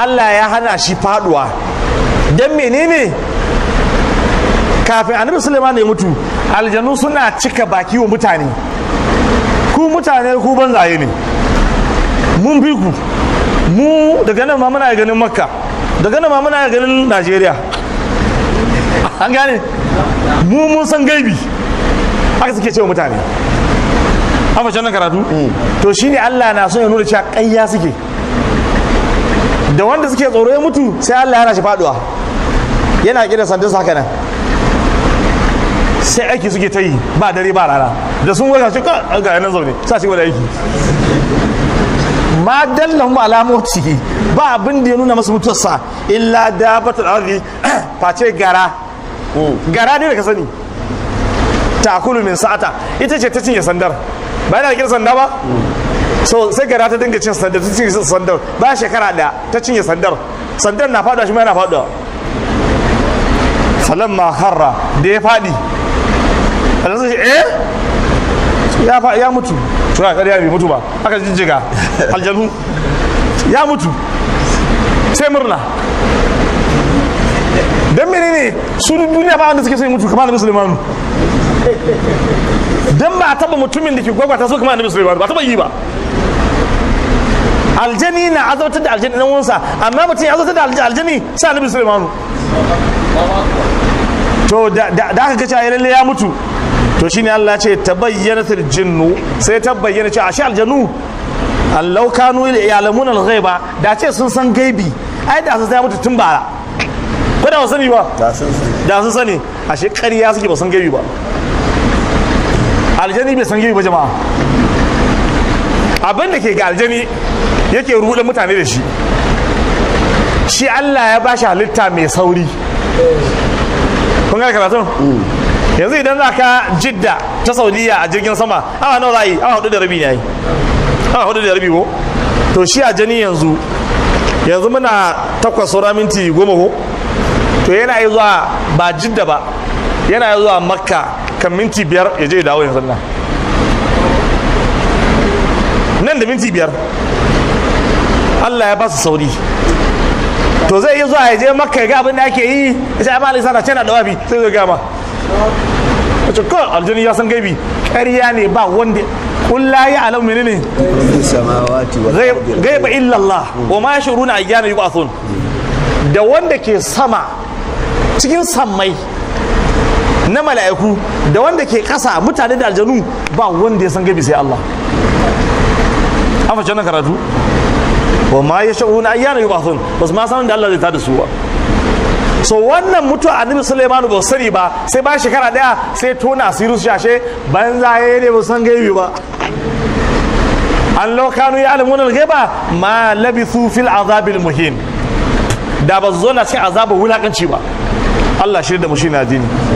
Allah ya hana shi faduwa don menene kafin annabi Suleiman ya mutu aljanu suna cika baki wa mutane ku mutane ku banzaye ne mun fi ku mu daga nan ma muna ganin makka daga nan ma muna ganin najeriya an gane mu mun san gaibi haka suke cewa mutane a fashe nan karatu mm. to shine allah na son ya nuna cewa kayya suke da wanda suke tsoro ya mutu sai Allah yana shi faduwa yana kira su haka nan sai aiki suke ta yi ba dare ba rana da sun waka shi ga yanar zaune sa shi wani aiki ma dalla mu alamoci ba abin da ya nuna mutuwar mutuwarsa illa dabatul arzi face gara gara ne da ka sani takulu min sa'ata ita ce ta cinye sandar ba yana kira sanda ba so sai gara ta dinga cin sandar ta cinye sandar ba shekara da ta cinye sandar sandar na faduwa shi ma yana faduwa salam ma harra da ya fadi alhassan shi eh ya mutu to ya kariya mutu ba aka jijjiga aljanu ya mutu sai murna don ne su duniya ba wanda suke son mutu kamar annabi Sulaiman dan ba a taba mutumin da ke gwagwata su kamar annabi Sulaiman ba taba yi ba aljani na azabtar da aljani nan wansa amma mutum ya azabtar da aljani sai annabi Sulaiman to da aka kace ayi ya mutu to shine Allah ce tabayyana jinnu sai ta bayyana ce ashe aljanu allau kanu ya'lamuna al-ghaiba da ce sun san gaibi ai da su sai mutu tun bara kada ba sani ba da sun sani a shekari ya suke ba san gabi ba aljani bai san gabi ba jama'a abin da ke ga aljani yake rudin mutane da shi shi Allah ya ba shi halitta mai sauri kun gane karatun mm. yanzu idan za ka jidda ta saudiya a jirgin sama awa nawa za a yi awa hudu da rabi ne yi awa hudu da rabi ko to shi a jani yanzu yanzu muna takwas saura minti goma ko to yana yi zuwa ba jidda ba yana yi zuwa makka kan minti biyar ya je dawo yanzu nan nan da minti biyar Allah ya ba su sauri to zai yi zuwa ya je makka ya ga abin da ake yi ya ce sana alisa na da dawabi sai zai gama a ce kawai aljini ya san gaibi ƙarya ne ba wanda kulla ya alam menene gaiba illallah wa ma shuruna ayyana yub'athun da wanda ke sama cikin sammai na mala'iku da wanda ke ƙasa mutane da aljanu ba wanda ya san gabi sai Allah an fashe na karatu wa ma ya sha'u na ayyana yubathun ba su ma san da Allah zai tada su ba so wannan mutuwa annabi Sulaiman ba sani ba sai ba shekara daya sai tona asirin su shashe banzaye ne ba san gabi ba an lokanu ya alamuna gaba ma labithu fil azabil muhin da ba su zo na cikin azabar wulakanci ba Allah shirya da mu shi na addini